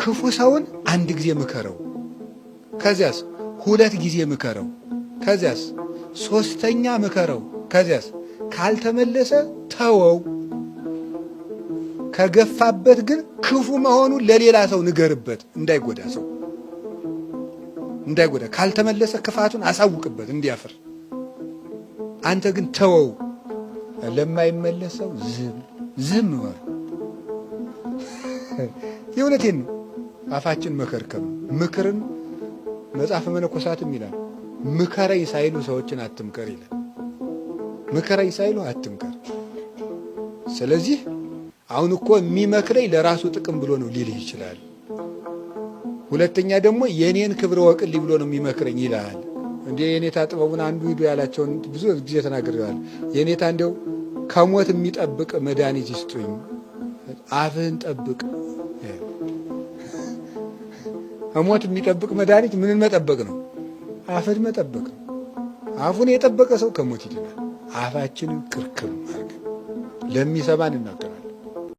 ክፉ ሰውን አንድ ጊዜ ምከረው፣ ከዚያስ ሁለት ጊዜ ምከረው፣ ከዚያስ ሶስተኛ ምከረው፣ ከዚያስ ካልተመለሰ ተወው። ከገፋበት ግን ክፉ መሆኑን ለሌላ ሰው ንገርበት፣ እንዳይጎዳ ሰው እንዳይጎዳ። ካልተመለሰ ክፋቱን አሳውቅበት እንዲያፍር። አንተ ግን ተወው። ለማይመለሰው ዝም ዝም በሉ። የእውነቴን ነው። አፋችን መከርከም ምክርን መጽሐፈ መነኮሳትም ይላል ምከረኝ ሳይሉ ሰዎችን አትምከር ይላል። ምከረኝ ሳይሉ አትምከር። ስለዚህ አሁን እኮ የሚመክረኝ ለራሱ ጥቅም ብሎ ነው ሊልህ ይችላል። ሁለተኛ ደግሞ የእኔን ክብር ወቅል ብሎ ነው የሚመክረኝ ይላል። እንደ የኔታ ጥበቡን አንዱ ሂዱ ያላቸውን ብዙ ጊዜ ተናግረዋል። የኔታ እንደው ከሞት የሚጠብቅ መድኃኒት ይስጡኝ፣ አፍህን ጠብቅ ከሞት የሚጠብቅ መድኃኒት ምንን መጠበቅ ነው? አፍን መጠበቅ ነው። አፉን የጠበቀ ሰው ከሞት ይድናል። አፋችንን ክርክር አድርገን ለሚሰማን እናገር